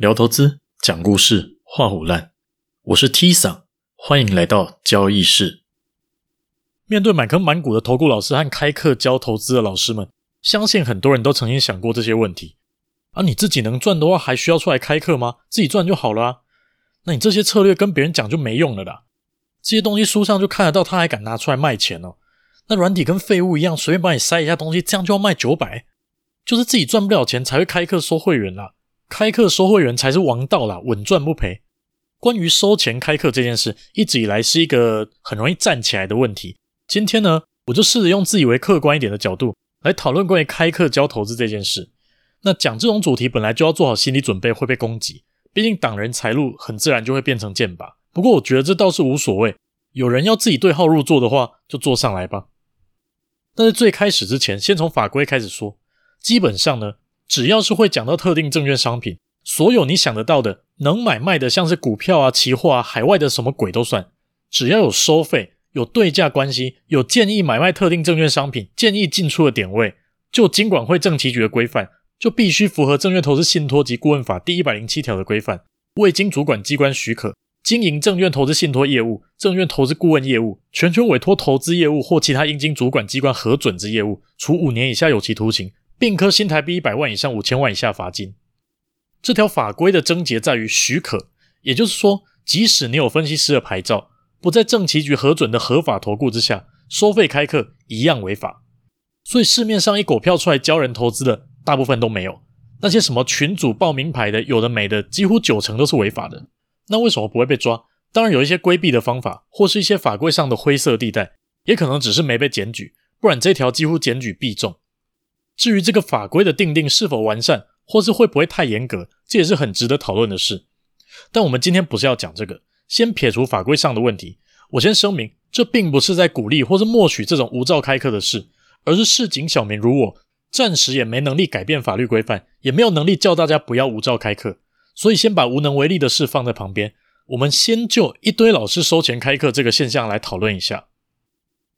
聊投資，講故事，話虎爛。我是 T 桑，歡迎來到交易室。面對滿坑滿谷的投顧老師和開課教投資的老師們，相信很多人都曾經想過這些問題：啊，你自己能賺的話，還需要出來開課嗎？自己賺就好了啊。那你這些策略跟別人講就沒用了啦。這些東西書上就看得到，他還敢拿出來賣錢哦、喔？那軟體跟廢物一樣，隨便幫你塞一下東西，這樣就要賣九百？就是自己賺不了錢才會開課收會員啦。開課收會員才是王道啦，穩賺不賠。關於收錢開課這件事，一直以來是一個很容易站起來的問題。今天呢，我就試着用自以為客觀一點的角度來討論關於開課教投資這件事。那講這種主題，本來就要做好心理準備會被攻擊，畢竟擋人財路，很自然就會變成箭靶。不過我覺得這倒是無所謂，有人要自己對號入座的話，就坐上來吧。但是最開始之前，先從法規開始說，基本上呢。只要是會講到特定證券商品，所有你想得到的能買賣的，像是股票啊、期貨啊、海外的什麼鬼都算。只要有收費、有對價關係、有建議買賣特定證券商品、建議進出的點位，就金管會證期局的規範，就必須符合《證券投資信託及顧問法》第一百零七條的規範。未經主管機關許可，經營證券投資信託業務、證券投資顧問業務、全權委託投資業務或其他應經主管機關核准之業務，處五年以下有期徒刑。併科新台幣一百萬以上五千萬以下罰金。這條法規的症結在於許可，也就是說，即使你有分析師的牌照，不在證期局核准的合法投顧之下，收費開課一樣違法。所以市面上一狗票出來教人投資的，大部分都沒有那些什麼群組報明牌的，有的沒的，幾乎九成都是違法的。那為什麼不會被抓？當然有一些規避的方法，或是一些法規上的灰色地帶，也可能只是沒被檢舉，不然這條幾乎檢舉必中。至於這個法規的定定是否完善，或是會不會太嚴格，這也是很值得討論的事。但我們今天不是要講這個，先撇除法規上的問題。我先聲明，這並不是在鼓勵或是默許這種無照開課的事，而是市井小民如我，暫時也沒能力改變法律規範，也沒有能力叫大家不要無照開課，所以先把無能為力的事放在旁邊。我們先就一堆老師收錢開課這個現象來討論一下。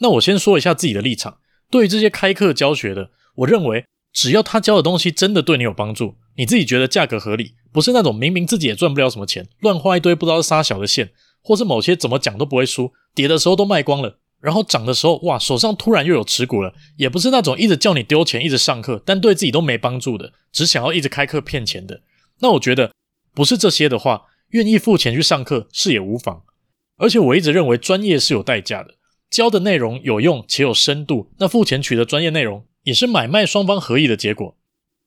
那我先說一下自己的立場，對於這些開課教學的。我認為，只要他教的東西真的對你有幫助，你自己覺得價格合理，不是那種明明自己也賺不了什麼錢，亂花一堆不知道殺小的線，或是某些怎麼講都不會輸，跌的時候都賣光了，然後漲的時候，哇，手上突然又有持股了，也不是那種一直叫你丟錢，一直上課，但對自己都沒幫助的，只想要一直開課騙錢的。那我覺得不是這些的話，願意付錢去上課是也無妨。而且我一直認為專業是有代價的，教的內容有用且有深度，那付錢取得專業內容。也是買賣雙方合意的結果，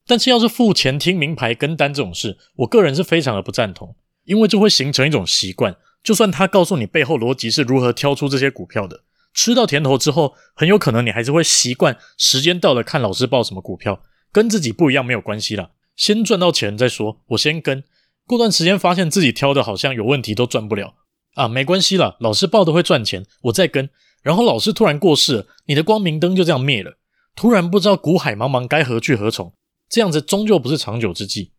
但是要是付錢聽名牌跟單這種事，我個人是非常的不贊同，因為這會形成一種習慣。就算他告訴你背後邏輯是如何挑出這些股票的，吃到甜頭之後，很有可能你還是會習慣。時間到了，看老師報什麼股票，跟自己不一樣沒有關係啦，先賺到錢再說，我先跟。過段時間發現自己挑的好像有問題，都賺不了啊，沒關係啦，老師報的會賺錢，我再跟。然後老師突然過世了，你的光明燈就這樣滅了。突然不知道苦海茫茫，該何去何從，這樣子終究不是長久之計。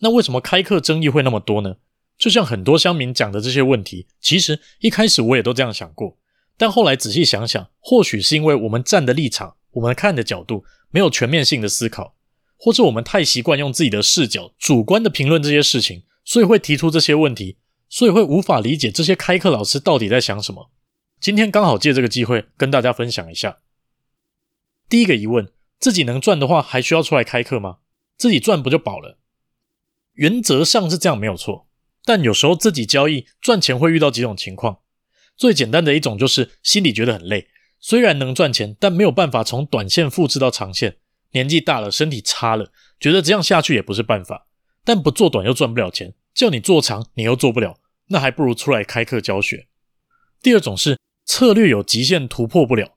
那為什麼開課爭議會那麼多呢？就像很多鄉民講的這些問題，其實一開始我也都這樣想過，但後來仔細想想，或許是因為我們站的立場、我們看的角度沒有全面性的思考，或是我們太習慣用自己的視角主觀的評論這些事情，所以會提出這些問題，所以會無法理解這些開課老師到底在想什麼。今天剛好借這個機會跟大家分享一下。第一個疑問：自己能賺的話，還需要出來開課嗎？自己賺不就飽了？原則上是這樣，沒有錯。但有時候自己交易賺錢會遇到幾種情況。最簡單的一種就是心裡覺得很累，雖然能賺錢，但沒有辦法從短線複製到長線。年紀大了，身體差了，覺得這樣下去也不是辦法。但不做短又賺不了錢，叫你做長你又做不了，那還不如出來開課教學。第二種是策略有極限，突破不了。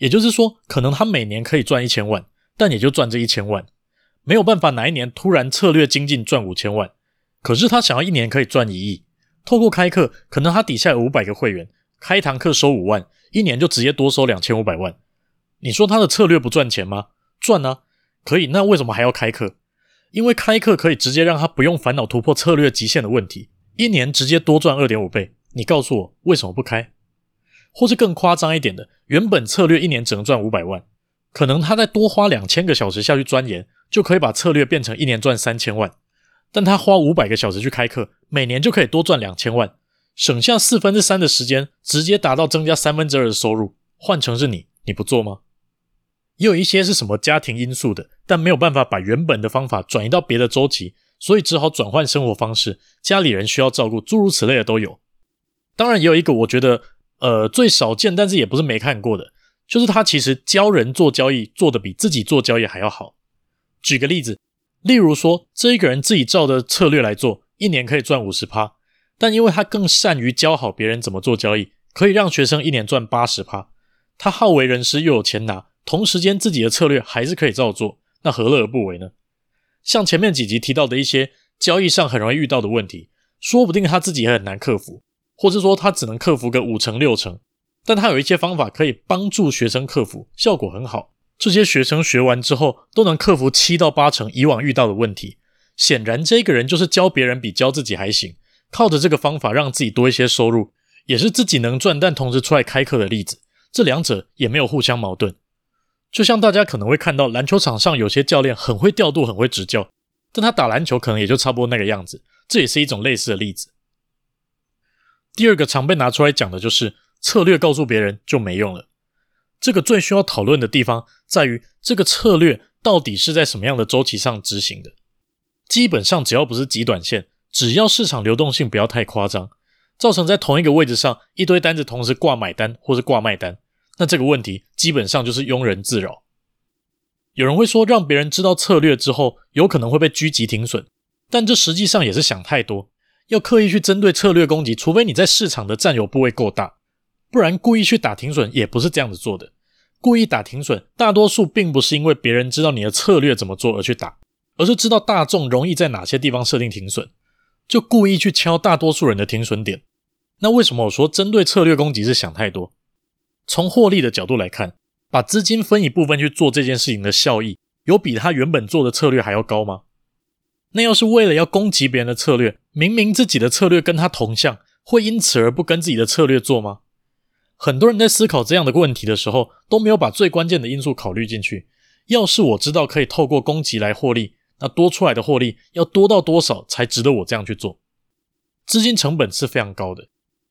也就是說，可能他每年可以賺一千萬，但也就賺這一千萬，沒有辦法哪一年突然策略精進賺五千萬，可是他想要一年可以賺一億，透過開課，可能他底下有五百個會員，開一堂課收五萬，一年就直接多收兩千五百萬。你說他的策略不賺錢嗎？賺啊，可以。那為什麼還要開課？因為開課可以直接讓他不用煩惱突破策略極限的問題，一年直接多賺二點五倍。你告訴我為什麼不開？或是更誇張一點的，原本策略一年只能賺五百萬，可能他再多花兩千個小時下去鑽研，就可以把策略變成一年賺三千萬。但他花五百個小時去開課，每年就可以多賺兩千萬，省下四分之三的時間，直接達到增加三分之二的收入。換成是你，你不做嗎？也有一些是什麼家庭因素的，但沒有辦法把原本的方法轉移到別的週期，所以只好轉換生活方式，家裡人需要照顧，諸如此類的都有。當然，也有一個我覺得。呃，最少見，但是也不是沒看過的，就是他其實教人做交易做得比自己做交易還要好。舉個例子，例如說這一個人自己照的策略來做，一年可以賺五十趴，但因為他更善於教好別人怎麼做交易，可以讓學生一年賺八十趴。他好為人師又有錢拿，同時間自己的策略還是可以照做，那何樂而不為呢？像前面幾集提到的一些交易上很容易遇到的問題，說不定他自己也很難克服。或是說他只能克服個五成六成，但他有一些方法可以幫助學生克服，效果很好。這些學生學完之後都能克服七到八成以往遇到的問題。顯然，這個人就是教別人比教自己還行。靠着這個方法讓自己多一些收入，也是自己能賺，但同時出來開課的例子。這兩者也沒有互相矛盾。就像大家可能會看到籃球場上有些教練很會調度，很會指教，但他打籃球可能也就差不多那個樣子。這也是一種類似的例子。第二個常被拿出來講的就是策略，告訴別人就沒用了。這個最需要討論的地方在於，這個策略到底是在什麼樣的周期上執行的？基本上，只要不是極短線，只要市場流動性不要太誇張，造成在同一個位置上一堆單子同時掛買單或是掛賣單，那這個問題基本上就是庸人自擾。有人會說，讓別人知道策略之後，有可能會被狙擊停損，但這實際上也是想太多。要刻意去針對策略攻擊，除非你在市場的佔有部位夠大，不然故意去打停損也不是這樣子做的。故意打停損，大多數並不是因為別人知道你的策略怎麼做而去打，而是知道大眾容易在哪些地方設定停損，就故意去敲大多數人的停損點。那為什麼我說針對策略攻擊是想太多？從獲利的角度來看，把資金分一部分去做這件事情的效益，有比他原本做的策略還要高嗎？那要是為了要攻擊別人的策略，明明自己的策略跟他同向，會因此而不跟自己的策略做嗎？很多人在思考這樣的問題的時候，都沒有把最關鍵的因素考慮進去。要是我知道可以透過攻擊來獲利，那多出來的獲利要多到多少才值得我這樣去做？資金成本是非常高的，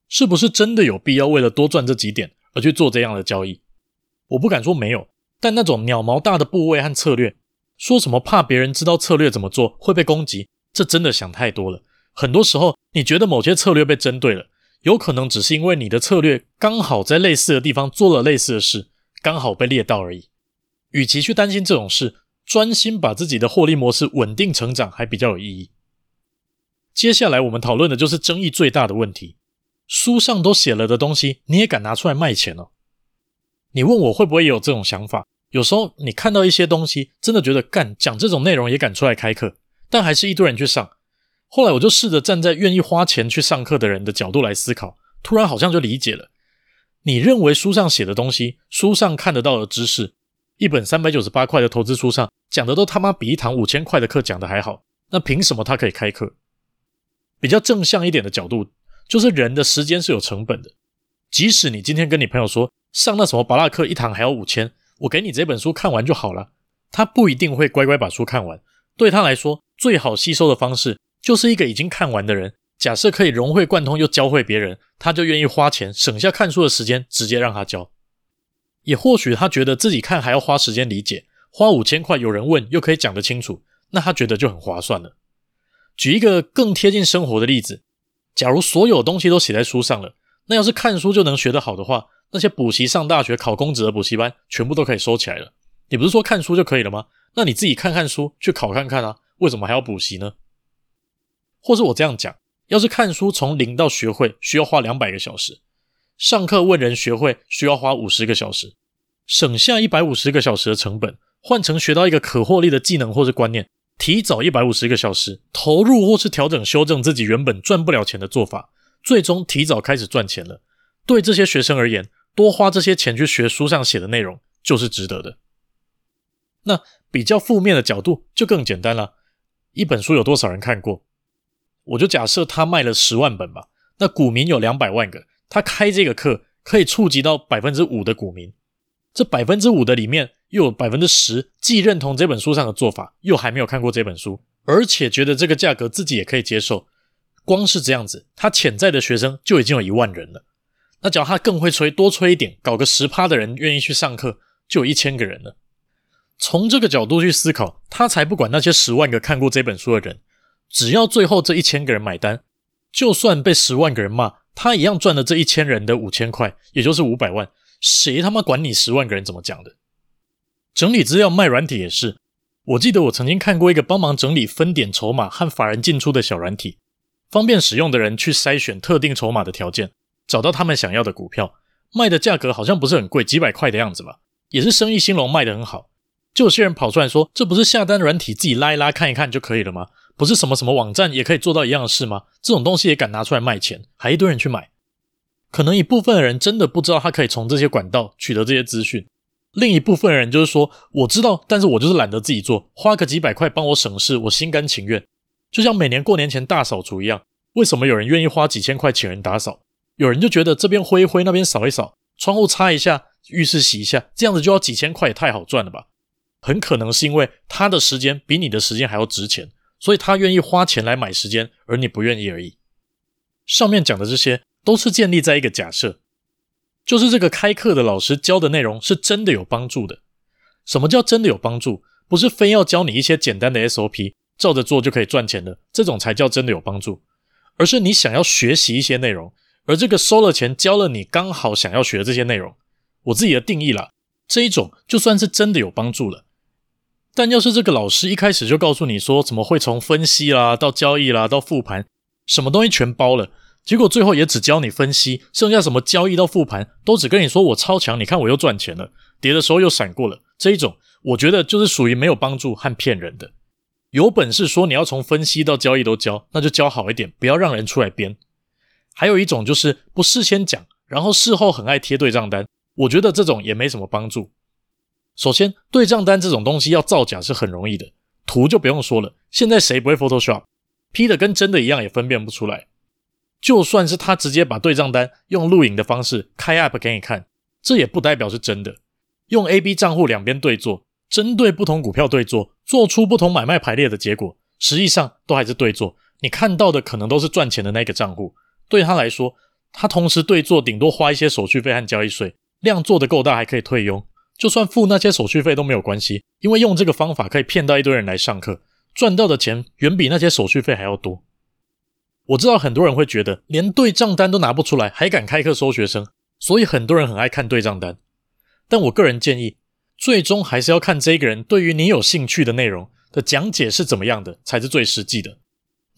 是不是真的有必要為了多賺這幾點而去做這樣的交易？我不敢說沒有，但那種鳥毛大的部位和策略，說什麼怕別人知道策略怎麼做會被攻擊，這真的想太多了。很多時候，你覺得某些策略被針對了，有可能只是因為你的策略剛好在類似的地方做了類似的事，剛好被獵到而已。與其去擔心這種事，專心把自己的獲利模式穩定成長還比較有意義。接下來我們討論的就是爭議最大的問題：書上都寫了的東西，你也敢拿出來賣錢了哦？你問我會不會也有這種想法？有時候你看到一些東西，真的覺得幹，講這種內容也敢出來開課，但還是一堆人去上。後來我就試着站在願意花錢去上課的人的角度來思考，突然好像就理解了。你認為書上寫的東西，書上看得到的知識，一本三百九十八塊的投資書上講的都他媽比一堂五千塊的課講的還好，那憑什麼他可以開課？比較正向一點的角度，就是人的時間是有成本的。即使你今天跟你朋友說上那什麼巴拉課一堂還要五千，我給你這本書看完就好了，他不一定會乖乖把書看完。對他來說，最好吸收的方式。就是一個已經看完的人，假設可以融會貫通又教會別人，他就願意花錢，省下看書的時間，直接讓他教。也或許他覺得自己看還要花時間理解，花五千塊有人問又可以講得清楚，那他覺得就很划算了。舉一個更貼近生活的例子，假如所有東西都寫在書上了，那要是看書就能學得好的話，那些補習上大學考公職的補習班全部都可以收起來了。你不是說看書就可以了嗎？那你自己看看書，去考看看啊，為什麼還要補習呢？或是我這樣講，要是看書從零到學會需要花兩百個小時，上課問人學會需要花五十個小時，省下一百五十個小時的成本換成學到一個可獲利的技能或是觀念，提早一百五十個小時投入或是調整修正自己原本賺不了錢的做法，最終提早開始賺錢了。對這些學生而言，多花這些錢去學書上寫的內容就是值得的。那比較負面的角度就更簡單了，一本書有多少人看過？我就假設他賣了十萬本吧，那股民有兩百萬個，他開這個課可以觸及到百分之五的股民，這百分之五的裡面又有百分之十既認同這本書上的做法，又還沒有看過這本書，而且覺得這個價格自己也可以接受。光是這樣子，他潛在的學生就已經有一萬人了。那只要他更會吹，多吹一點，搞個十趴的人願意去上課，就有一千個人了。從這個角度去思考，他才不管那些十萬個看過這本書的人。只要最後這一千個人買單，就算被十萬個人罵，他一樣賺了這一千人的五千塊，也就是五百萬。誰他媽管你十萬個人怎麼講的？整理資料賣軟體也是，我記得我曾經看過一個幫忙整理分點籌碼和法人進出的小軟體，方便使用的人去篩選特定籌碼的條件，找到他們想要的股票，賣的價格好像不是很貴，幾百塊的樣子吧，也是生意興隆，賣得很好。就有些人跑出來說，這不是下單軟體自己拉一拉看一看就可以了嗎？不是什麼什麼網站也可以做到一樣的事嗎？這種東西也敢拿出來賣錢，還一堆人去買。可能一部分的人真的不知道他可以從這些管道取得這些資訊，另一部分的人就是說我知道，但是我就是懶得自己做，花個幾百塊幫我省事，我心甘情願。就像每年過年前大掃除一樣，為什麼有人願意花幾千塊請人打掃？有人就覺得這邊揮一揮，那邊掃一掃，窗戶擦一下，浴室洗一下，這樣子就要幾千塊，也太好賺了吧？很可能是因為他的時間比你的時間還要值錢。所以他願意花錢來買時間，而你不願意而已。上面講的這些都是建立在一個假設，就是這個開課的老師教的內容是真的有幫助的。什麼叫真的有幫助？不是非要教你一些簡單的 SOP，照着做就可以賺錢的，這種才叫真的有幫助。而是你想要學習一些內容，而這個收了錢教了你剛好想要學的這些內容，我自己的定義啦，這一種就算是真的有幫助了。但要是這個老師一開始就告訴你說怎麼會從分析啦到交易啦到復盤，什麼東西全包了，結果最後也只教你分析，剩下什麼交易到復盤都只跟你說我超強，你看我又賺錢了，跌的時候又閃過了，這一種我覺得就是屬於沒有幫助和騙人的。有本事說你要從分析到交易都教，那就教好一點，不要讓人出來編。還有一種就是不事先講，然後事後很愛貼對賬單，我覺得這種也沒什麼幫助。首先，對賬單這種東西要造假是很容易的，圖就不用說了，現在誰不會 Photoshop，P 的跟真的一樣也分辨不出來。就算是他直接把對賬單用錄影的方式開 App 給你看，這也不代表是真的。用 A、B 賬戶兩邊對做，針對不同股票對做，做出不同買賣排列的結果，實際上都還是對做。你看到的可能都是賺錢的那個賬戶。對他來說，他同時對做，頂多花一些手續費和交易稅，量做得夠大還可以退佣。就算付那些手續費都沒有關係，因為用這個方法可以騙到一堆人來上課，賺到的錢遠比那些手續費還要多。我知道很多人會覺得連對賬單都拿不出來，還敢開課收學生，所以很多人很愛看對賬單。但我個人建議，最終還是要看這個人對於你有興趣的內容的講解是怎麼樣的，才是最實際的。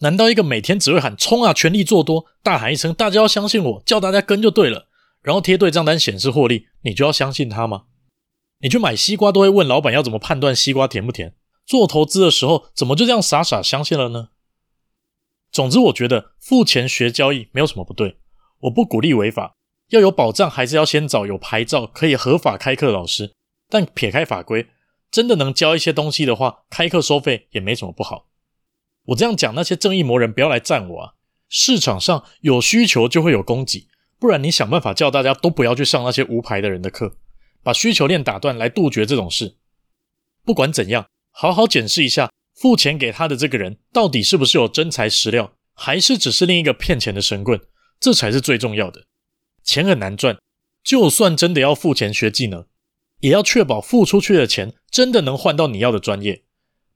難道一個每天只會喊衝啊、全力做多、大喊一聲大家要相信我，叫大家跟就對了，然後貼對賬單顯示獲利，你就要相信他嗎？你去買西瓜都會問老闆要怎麼判斷西瓜甜不甜？做投資的時候怎麼就這樣傻傻相信了呢？總之，我覺得付錢學交易沒有什麼不對，我不鼓勵違法，要有保障還是要先找有牌照可以合法開課的老師。但撇開法規，真的能教一些東西的話，開課收費也沒什麼不好。我這樣講，那些正義魔人不要來贊我啊！市場上有需求就會有供給，不然你想辦法叫大家都不要去上那些無牌的人的課。把需求鏈打斷來杜絕這種事。不管怎樣，好好檢視一下付錢給他的這個人到底是不是有真材實料，還是只是另一個騙錢的神棍，這才是最重要的。錢很難賺，就算真的要付錢學技能，也要確保付出去的錢真的能換到你要的專業。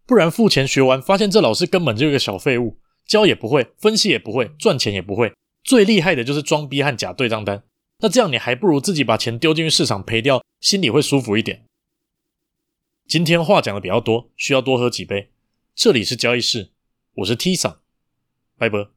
不然付錢學完，發現這老師根本就是個小廢物，教也不會，分析也不會，賺錢也不會，最厲害的就是裝逼和假對賬單。那這樣你還不如自己把錢丟進去市場賠掉，心裡會舒服一點。今天話講的比較多，需要多喝幾杯。這裡是交易事，我是 Tisa，拜拜。